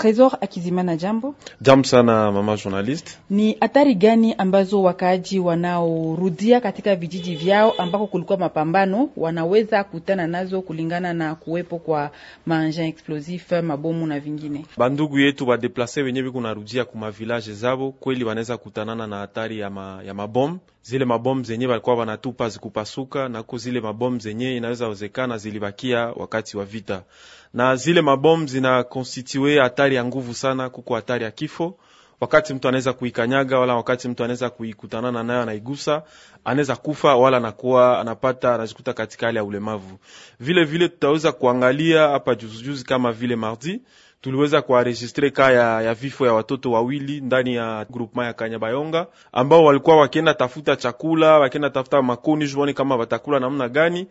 Tresor Akizimana, jambo jambo sana mama journalist. Ni hatari gani ambazo wakaaji wanaorudia katika vijiji vyao ambako kulikuwa mapambano wanaweza kutana nazo kulingana na kuwepo kwa maanjan explosif, mabomu na vingine? Bandugu yetu badeplase wenyewe kunarudia kuma village zabo, kweli wanaweza kutanana na hatari ya, ma, ya mabomu zile mabomu zenye walikuwa wanatupa zikupasuka, ku zile mabomu zenye inaweza wezekana zilibakia wakati wa vita, na zile mabomu konstitue hatari ya nguvu sana, kuko hatari ya kifo wakati mtu anaweza kuikanyaga wala wakati mtu anaweza kuikutanana nayo anaigusa, anaweza kufa wala anakuwa anapata anajikuta katika hali ya ulemavu. Vile vile tutaweza kuangalia hapa juzijuzi, kama vile mardi tuliweza kuaregistre ka ya, ya vifo ya watoto wawili ndani ya groupement ya Kanyabayonga ambao walikuwa wakienda tafuta chakula, wakienda tafuta makoni juoni kama watakula namna gani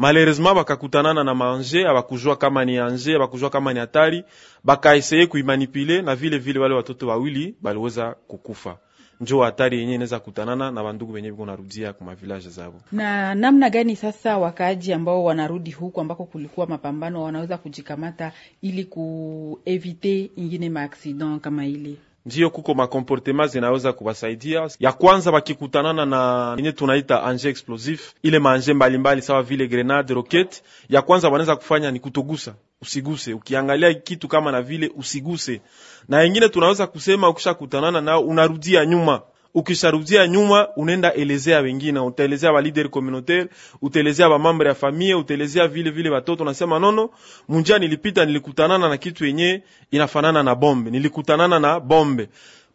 Malheureusement bakakutanana na maanje, abakujua kama ni anje, abakujua kama ni hatari, bakaeseye kuimanipule na vile vile wale watoto wawili baliweza kukufa. Njo hatari yenye inaweza kutanana na bandugu wenyewe biko narudia kwa village zao. Na namna gani sasa wakaaji ambao wanarudi huku ambako kulikuwa mapambano wanaweza kujikamata ili kuevite ingine maaksident kama ile? ndiyo kuko makomportema zinaweza kuwasaidia. Ya kwanza wakikutanana na yenye tunaita anje explosif, ile maanje mbalimbali sawa vile grenade, roket, ya kwanza wanaweza kufanya ni kutogusa, usiguse. Ukiangalia kitu kama na vile usiguse, na yengine tunaweza kusema ukishakutanana nao unarudia nyuma ukisharudia nyuma unaenda elezea wengine, utaelezea ba leader communautaire, utaelezea ba membre ya famille, utaelezea vile vile watoto. Nasema nono, munja nilipita, nilikutanana na kitu yenye inafanana na bombe, nilikutanana na bombe.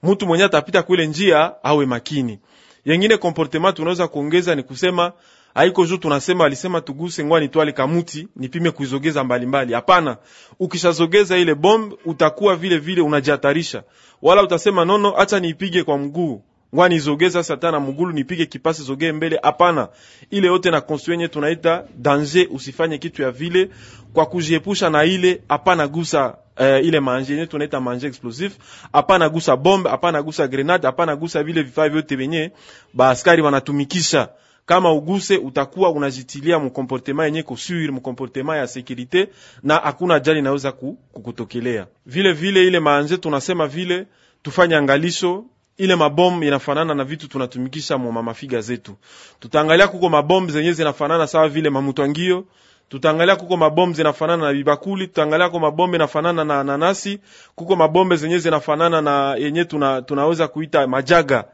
Mtu mwenye atapita kule njia awe makini. Yengine comportement tunaweza kuongeza ni kusema haiko juu tunasema alisema tuguse ngwa ni twali kamuti nipime kuizogeza mbalimbali. Hapana, ukishazogeza ile bomb utakuwa vile vile unajihatarisha, wala utasema nono, acha niipige kwa mguu ngwani zoge sasa na mugulu nipige kipasi zoge mbele. Hapana, ile yote na konstwenye tunaita danger, usifanye kitu ya vile kwa kujiepusha na ile. Hapana gusa Uh, ile manje yenye tunaita manje explosif, hapana gusa bombe, hapana gusa grenade, hapana gusa vile vifaa vyote venye baaskari wanatumikisha. Kama uguse utakuwa unajitilia mkomportema yenye kusuri mkomportema ya sekirite, na hakuna jali inaweza kukutokelea. Vile vile ile manje tunasema vile tufanye angalisho ile mabomu inafanana na vitu tunatumikisha mu mamafiga zetu. Tutaangalia kuko mabomu zenye zinafanana sawa vile mamutwangio, tutaangalia kuko mabomu zinafanana na bibakuli, tutaangalia kuko mabomu inafanana na nanasi, kuko mabombe zenye zinafanana na yenye tuna, tunaweza kuita majaga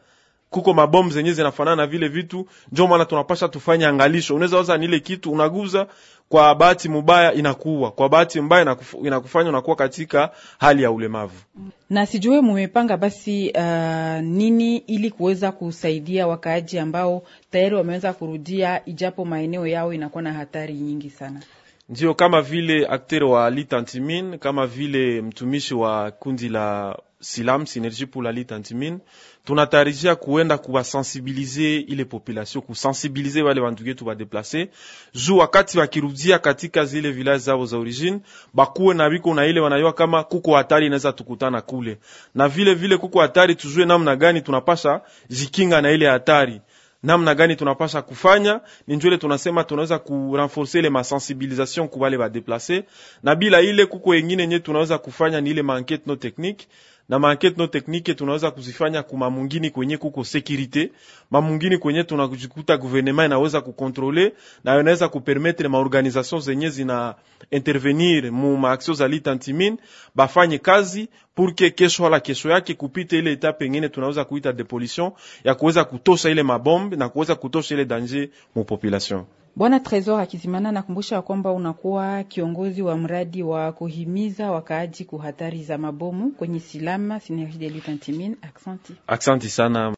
kuko mabomu zenye zinafanana na vile vitu, ndio maana tunapasha tufanye angalisho. Unaweza waza ni ile kitu unaguza, kwa bahati mubaya inakuwa, kwa bahati mbaya inakufu, inakufanya unakuwa katika hali ya ulemavu. Na sijue mumepanga basi uh, nini ili kuweza kusaidia wakaaji ambao tayari wameweza kurudia, ijapo maeneo yao inakuwa na hatari nyingi sana ndio kama vile akter wa Litantimin, kama vile mtumishi wa kundi la Silam Synergie pour la lutte antimine, tunatayarishia kuenda kuwasensibilize ile population, kusensibilize wale bantu yetu wadeplase, juu wakati wakirudia katika zile vilaji zao za origine, bakuwe na biko na ile wanayua kama kuko hatari inaweza tukutana kule, na vile vile kuko hatari, tujue namna gani tunapasha jikinga na ile hatari namna gani tunapasha kufanya ni njole, tunasema tunaweza kurenforce ile masensibilisation kuwale badeplace, na bila ile kuko engine nye tunaweza kufanya ni ile mankete no technique na maankete no teknike tunaweza kuzifanya kuma mungini kwenye kuko sekirite, mamungini kwenye tunakujikuta guvernema inaweza kukontrole na inaweza kupermetre maorganizasyon zenye zina intervenir mu maaksio za lita antimine bafanye kazi purke kesho wala kesho yake kupite ile etape ngine tunaweza kuita depolition ya kuweza kutosha ile mabombe na kuweza kutosha ile danger mu population. Bwana Tresor akizimana anakumbusha ya kwamba unakuwa kiongozi wa mradi wa kuhimiza wakaaji kuhatari za mabomu kwenye silama Sinergie de Lutte Antimine. Aksanti, aksanti sana.